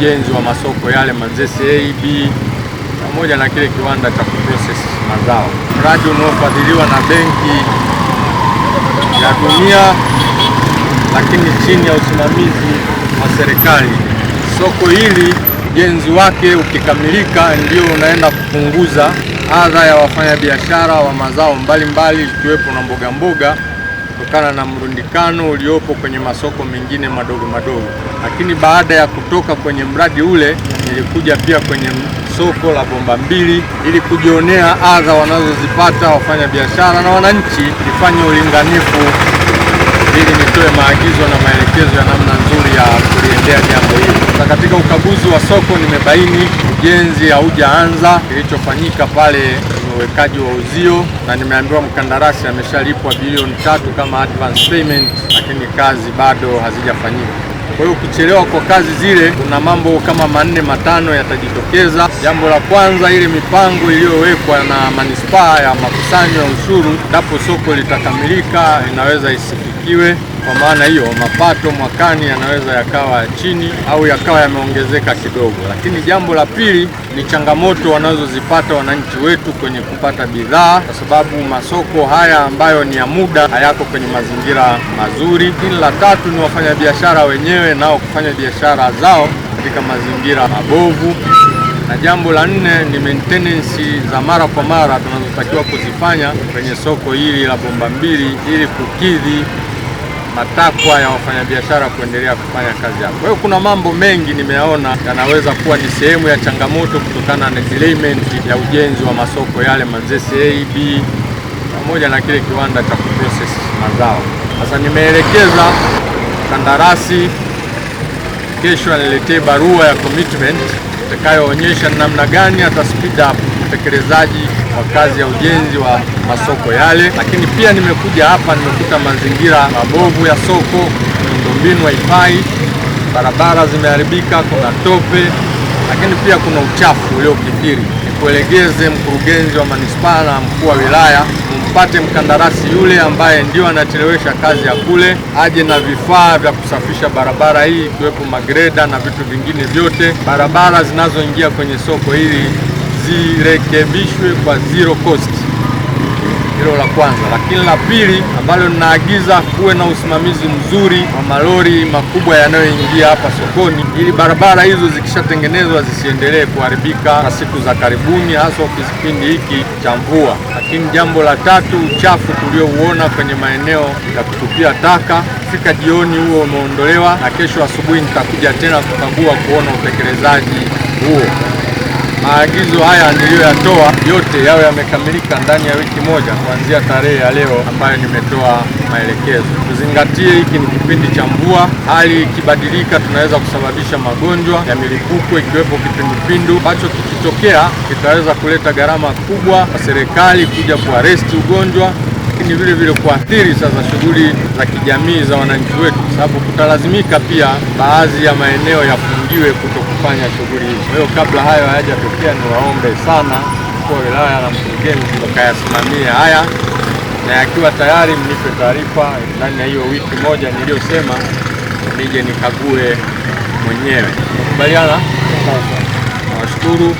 ujenzi wa masoko yale Manzese AB pamoja na kile kiwanda cha kuprocess mazao, mradi unaofadhiliwa na Benki ya Dunia lakini chini ya usimamizi wa serikali. Soko hili ujenzi wake ukikamilika, ndio unaenda kupunguza adha ya wafanyabiashara wa mazao mbalimbali ikiwepo mbali na mbogamboga kutokana na mrundikano uliopo kwenye masoko mengine madogo madogo. Lakini baada ya kutoka kwenye mradi ule, nilikuja pia kwenye soko la bomba mbili ili kujionea adha wanazozipata wafanya biashara na wananchi, nifanye ulinganifu ili nitoe maagizo na maelekezo ya namna nzuri ya kuliendea jambo hili. Na katika ukaguzi wa soko nimebaini ujenzi haujaanza, kilichofanyika pale uwekaji wa uzio, na nimeambiwa mkandarasi ameshalipwa bilioni tatu kama advance payment, lakini kazi bado hazijafanyika. Kwa hiyo kuchelewa kwa kazi zile, kuna mambo kama manne matano yatajitokeza. Jambo la kwanza, ile mipango iliyowekwa na manispaa ya makusanyo ya ushuru, endapo soko litakamilika, inaweza isifikiwe. Kwa maana hiyo mapato mwakani yanaweza yakawa chini au yakawa yameongezeka kidogo. Lakini jambo la pili ni changamoto wanazozipata wananchi wetu kwenye kupata bidhaa, kwa sababu masoko haya ambayo ni ya muda hayako kwenye mazingira mazuri. Lakini la tatu ni wafanyabiashara wenyewe nao kufanya biashara zao katika mazingira mabovu na jambo la nne ni maintenance za mara kwa mara tunazotakiwa kuzifanya kwenye soko hili la Bomba Mbili ili kukidhi matakwa ya wafanyabiashara kuendelea kufanya kazi yao. Kwa hiyo kuna mambo mengi nimeyaona yanaweza kuwa ni sehemu ya changamoto kutokana na element ya ujenzi wa masoko yale Manzese ab pamoja na kile kiwanda cha kuprocess mazao. Sasa nimeelekeza kandarasi kesho aniletee barua ya commitment itakayoonyesha namna gani ata speed up utekelezaji wa kazi ya ujenzi wa masoko yale, lakini pia nimekuja hapa nimekuta mazingira mabovu ya soko, miundombinu haifai, barabara zimeharibika, kuna tope, lakini pia kuna uchafu uliokithiri. Nikuelegeze mkurugenzi wa manispaa na mkuu wa wilaya mpate mkandarasi yule ambaye ndio anachelewesha kazi ya kule, aje na vifaa vya kusafisha barabara hii, ikiwepo magreda na vitu vingine vyote, barabara zinazoingia kwenye soko hili zirekebishwe kwa zero cost. Hilo la kwanza, lakini la pili ambalo ninaagiza kuwe na usimamizi mzuri wa malori makubwa yanayoingia hapa sokoni, ili barabara hizo zikishatengenezwa zisiendelee kuharibika na siku za karibuni, hasa kipindi hiki cha mvua. Lakini jambo la tatu, uchafu tuliouona kwenye maeneo ya kutupia taka, fika jioni huo umeondolewa, na kesho asubuhi nitakuja tena kukagua kuona utekelezaji huo. Maagizo haya niliyoyatoa yote yawe yamekamilika ndani ya wiki moja kuanzia tarehe ya leo ambayo nimetoa maelekezo. Tuzingatie, hiki ni kipindi cha mvua. Hali ikibadilika, tunaweza kusababisha magonjwa ya milipuko ikiwepo kipindupindu ambacho kikitokea kitaweza kuleta gharama kubwa kwa serikali kuja kuaresti ugonjwa lakini vile vile kuathiri sasa shughuli za kijamii za wananchi wetu, kwa sababu kutalazimika pia baadhi ya maeneo yafungiwe kuto kufanya shughuli hizo. Kwa hiyo kabla hayo hayajatokea, niwaombe sana kwa wilaya na mkurugenzi mkayasimamia haya, na yakiwa tayari mnipe taarifa ndani ya hiyo wiki moja niliyosema, nije nikague mwenyewe. Nakubaliana. Nawashukuru.